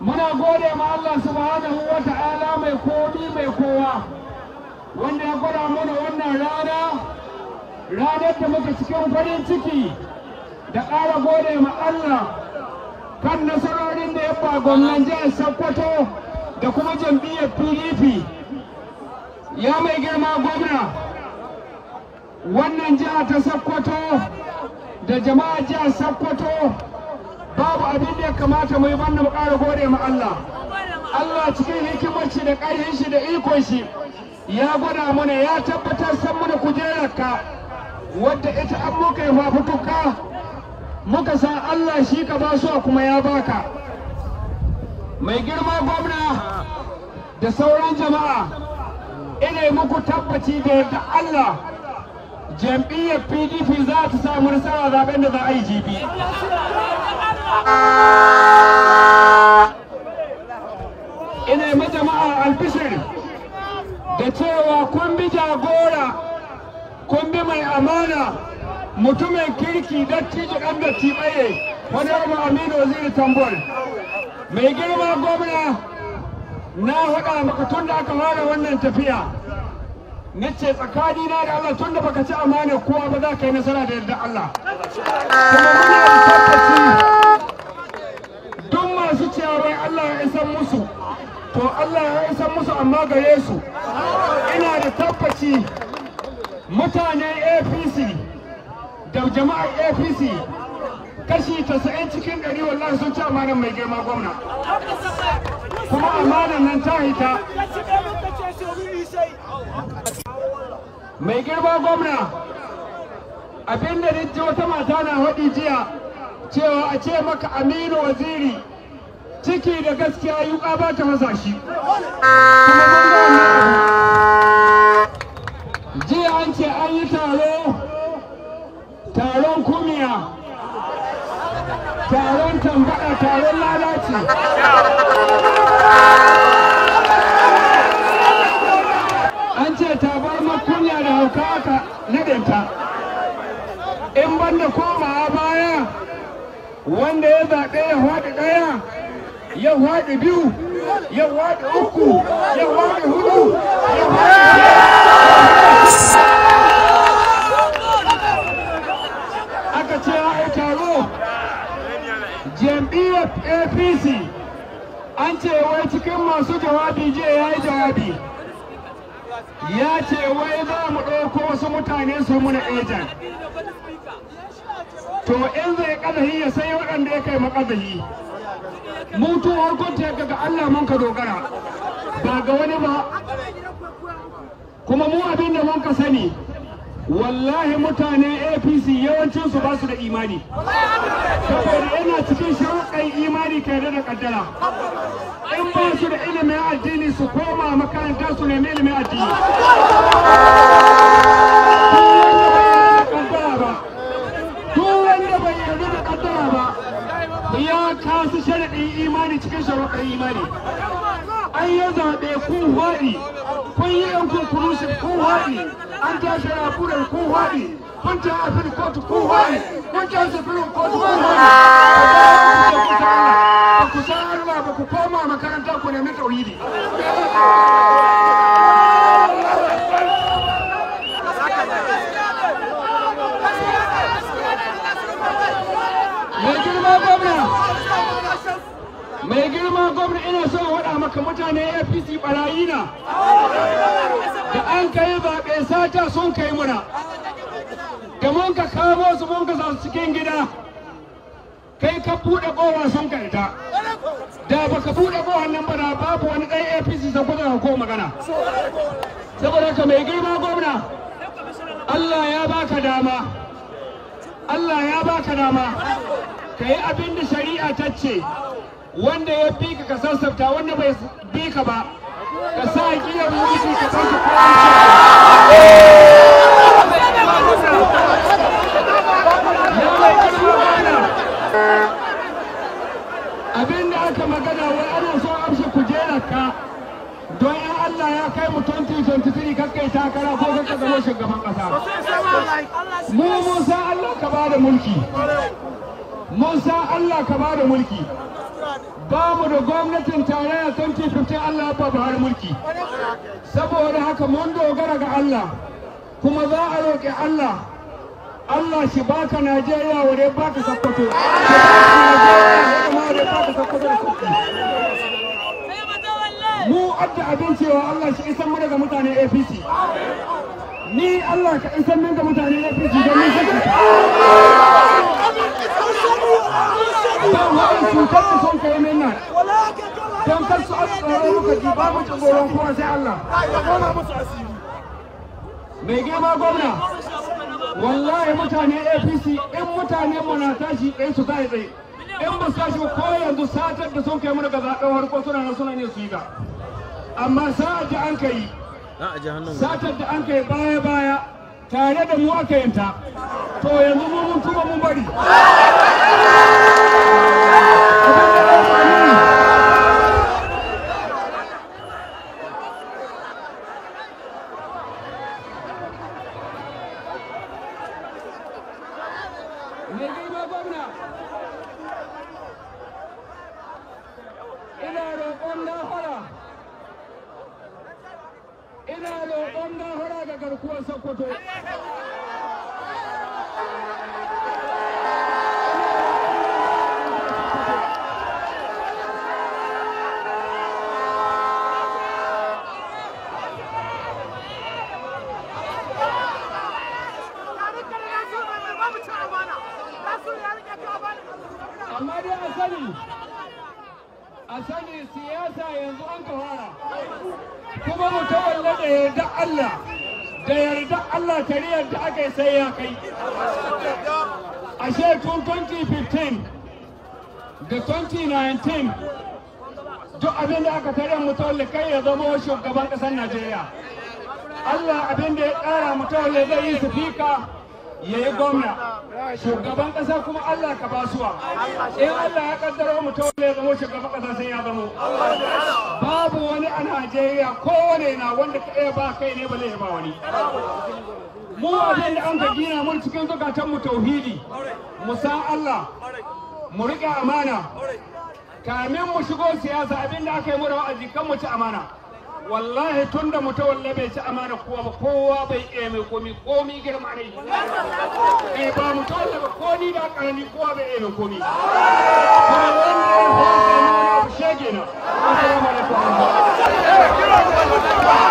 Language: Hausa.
muna gode ma Allah subhanahu wa ta'ala mai komi mai kowa wanda ya gwada mana wannan rana ranar da muke cikin farin ciki da ƙara gode ma Allah kan nasarorin da ya ba gwamnan jihar Sokoto da kuma jam'iyyar PDP ya mai girma gwamna wannan jiha ta Sokoto da jama'a jihar Sokoto babu abin da ya kamata mu yi banda mu gode ma Allah Allah cikin hikimar shi da ƙarfin shi da ikon shi ya gwada mana ya tabbatar san mana kujerarka wadda ita an muka yi fafutuka muka san Allah shi ka ba su kuma ya ba ka mai girma gwamna da sauran jama'a ina muku tabbaci da yadda Allah jam'iyyar PDP za ta samu nasara zaben da za a yi jibi. ina ma jama'a albishir da cewa kun bi jagora kun bi mai amana mutumin kirki dattijo ɗan dattibaye wani abu aminu waziri tambol mai girma gwamna na haɗa maka tun da aka fara wannan tafiya na ce tsakani na da Allah tun da baka ci amana kowa ba za ka yi nasara da yarda Allah. Kuma muna gare su ina da tabbaci mutanen apc da jama'ar apc kashi 90 cikin 100 wallahi sun ci amanar mai girma gwamna kuma amanar nan ta hita mai girma gwamna abinda da wata mata na haɗi jiya cewa a ce maka aminu waziri ciki da gaskiya yuka ba ta maza shi jiya an ce an yi taro taron kumiya taron tambaya taron lalaci an ce ta bar makunya da hauka aka nadinta in banda komawa baya wanda ya zaɓe ya faɗi ɗaya yau haɗe biyu yau haɗe uku yau haɗe hudu yau haɗe aka ce ya taro jam'iyyar apc an ce wai cikin masu jawabi je ya yi jawabi ya ce wai za mu ɗauko wasu mutane su muna ejan to in zai ƙadahi ya sai waɗanda ya kai maƙadahi kwanta yadda ga Allah mun ka dogara ba ga wani ba kuma mu abin da mun ka sani wallahi mutane apc yawancin su ba su da imani saboda yana cikin sharuɗan imani kai da kaddara in ba su da ilimin addini su koma makaranta su nemi ilimin addini ya kasu sharaɗin imani cikin sharaɗin imani an yi zaɓe kun haɗi kun yi yan kunkurushin kun haɗi an shara rafurar kun haɗi kun ta haifin kotu kun haɗi kun ta haifin kotu kun haɗi girma gwamna mai girma gwamna ina son waɗa maka mutane apc ɓarayi na da an kai zaɓe sata sun kai muna da mun ka kamo su mun ka su cikin gida kai ka bude kowa sun kai ta, da ba ka bude kowa nan ba babu wani ɗan apc sa kuka ko magana saboda ka mai girma gwamna Allah ya baka dama Allah ya baka dama ka yi abin da shari'a ta ce wanda ya fi ka sassafta wanda bai bi ka ba ka sa giyar mulki ka sassafta abin da aka magana wai ana son amshi kujerarka don 'ya' Allah ya kai mu 2023 kakkai takara ko kakka zama shugaban kasa mu musa Allah ka ba da mulki mun san Allah ka bada mulki ba mu da gwamnatin tarayya 2015 Allah ya ba Buhari mulki saboda haka mun dogara ga Allah kuma za a roƙi Allah Allah shi baka Najeriya wa baka Sokoto mu adda abin cewa Allah shi isan mu daga mutane APC ni Allah ka isan min ga mutane APC don mun san akan harin cutar da son kai min nan don kar su aka tsoro lokaci ba mu tsoron kowa sai Allah mai girma gwamna wallahi mutane APC in mutane mu na tashi ɗaya su tashi tsaye in ba sa shi ko yanzu satar da sun kai mu daga zaɓen harko suna nan suna ne su yi ga amma sa'ar da an kai satar da an kai baya baya tare da mu aka yanta to yanzu mu mun tuba mun bari Ina roƙon gafara ga garkuwar Sokoto. mu a sani siyasa yanzu an ka fara kuma mu tawalla da yarda Allah da yarda Allah kariyar da aka yi sai ya kai ashe 2015 da 2019 duk abin da aka tare mutuwar tawalla kai ya zama shugaban ƙasar Najeriya Allah abin da ya ƙara mu tawalla zai yi sifika yayi gwamna shugaban ƙasa kuma Allah ka ba basuwa in Allah ya ƙaddara mu ta wanda ya zama shugaban ƙasa sai ya zamo babu wani a Najeriya kowane na wanda ka ba kai ne ba zai ba wani mu abin da an ka gina mun cikin zukatan mu tauhidi mu san Allah mu riƙe amana kamin mu shigo siyasa abin da aka yi mu da wa'azi kan mu ci amana wallahi tun da mutawalle bai ci amana kowa ba kowa bai iya mai komi komi girma ne eh ba mutawalle ba ko ni da karani kowa bai iya komi kuma wanda ya fara shege na assalamu alaikum